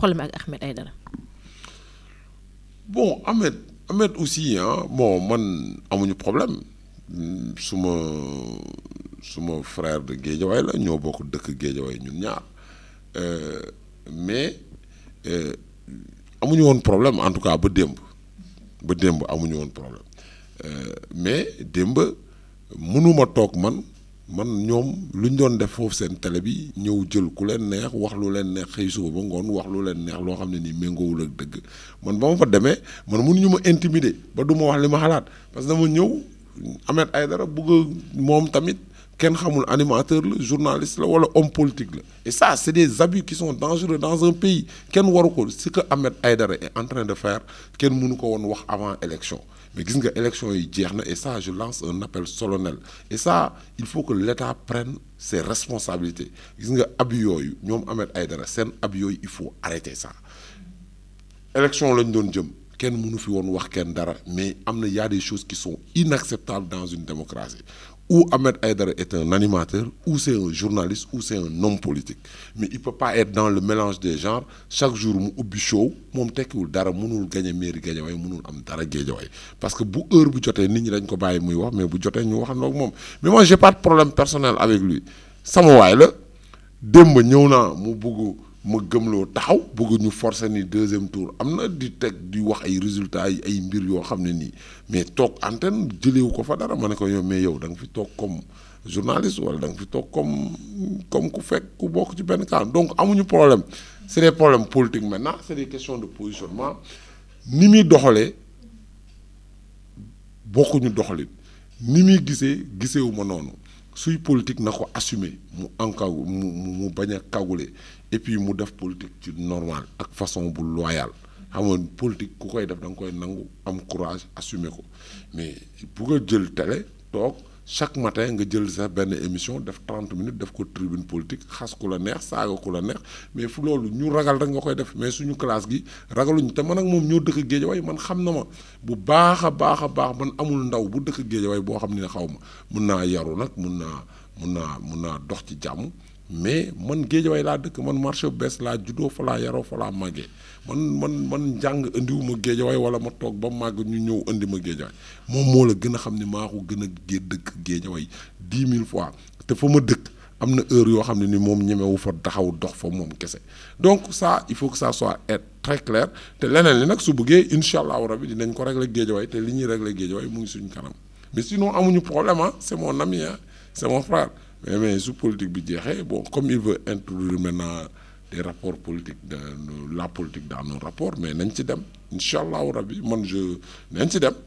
problème ak Ahmed Aïdara. bon Ahmed Ahmed aussi ah bon man amuñu problème suma suma frère de Guédiawaye la ñoo bokk dëkk Guédiawaye ñun ñaar euh, mais euh, amuñu woon problème en tout cas ba démb ba démb amuñu woon problème euh, mais démb mënuma toog man. man ñoom lu ñu doon def foofu seen télé bi ñëw jël ku leen neex wax lu leen neex xëy suba ba ngoon wax lu leen neex loo xam ne nii méngoowul ak dëgg man ba ma fa demee man mënuñu ma intimider ba du ma wax li ma xalaat parce que dama ñëw ay dara bugg moom tamit. Ken a animateur journaliste ou homme politique et ça c'est des abus qui sont dangereux dans un pays Ken waru ko ce que Ahmed est en train de faire Ken mënu ko woon avant l'élection. mais gis nga élection yi jeex et ça je lance un appel solennel et ça il faut que l'État prenne ses responsabilités nga abus Ahmed c'est il faut arrêter ça élection le doon mais il y a des choses qui sont inacceptables dans une démocratie ou Ahmed Haïdara est un animateur, ou c'est un journaliste, ou c'est un homme politique. Mais il ne peut pas être dans le mélange des genres. Chaque jour, au bichot, mon tek ou dara mounoul gagner mairie gagner way ne am dara gagner parce que bu heure bu joté nit ñi dañ ko baye muy wax mais bu joté ñu pas ak mais moi je n'ai pas de problème personnel avec lui sama way la demb ñew mu ma gëmloo taxaw bëgg ñu forcer ni deuxième tour am na di teg di wax ay résultats yi ay mbir yoo xam ne nii mais toog antenne jëlewu ko fa dara ma ne ko yow mais yow da nga fi toog comme journaliste wala da nga fi toog comme comme ku fekk ku bokk ci benn camp donc amuñu problème c'est des problèmes politiques maintenant c'est des questions de positionnement ni muy doxalee bokkuñu doxalin ni muy gisee gisewu ma noonu suy politique na ko assumer mu ankaw mu mu bañ a kagule et puis mu def politique ci normal ak façon bu loyal xam nga politique ku koy def da koy nangu am courage assumer ko mais bu nga jël télé toog chaque matin nga jël sa benn émission def 30 minutes def ko tribune politique xas ku la neex saaga ku la neex mais fu loolu ñu ragal rek nga koy def mais suñu classe gi ragaluñu te man ak moom ñoo dëkk Géejawaay man xam na ma bu baax a baax a baax man amul ndaw bu dëkk Géejawaay boo xam ne xaw ma mun naa yaru nag mun naa mun naa mun naa dox ci jàmm mais man géejawaay laa dëkk man marché bu bees laa juddoo fa laa yaroo fa laa màggee man man man njàng indiwu ma géejawaay wala ma toog ba màgg ñu ñëw indi ma géejawaay moom moo la gën a xam ni maa ko gën a gé dëkk géejawaay dix mille fois te fa ma dëkk am na heure yoo xam ne ni moom ñemewu fa taxaw dox fa moom kese donc ça il faut que ça soit être très clair te leneen li nag su bëggee incha allahu rabi dinañ ko régler géejawaay te li ñuy régler géejawaay mu ngi suñu kanam mais sinon amuñu problème ah c'est mon ami mais mais politiques politique bi bon comme il veut introduire maintenant des rapports politiques dans la politique dans nos rapports mais nañ ci dem incha allahu rabi je nañ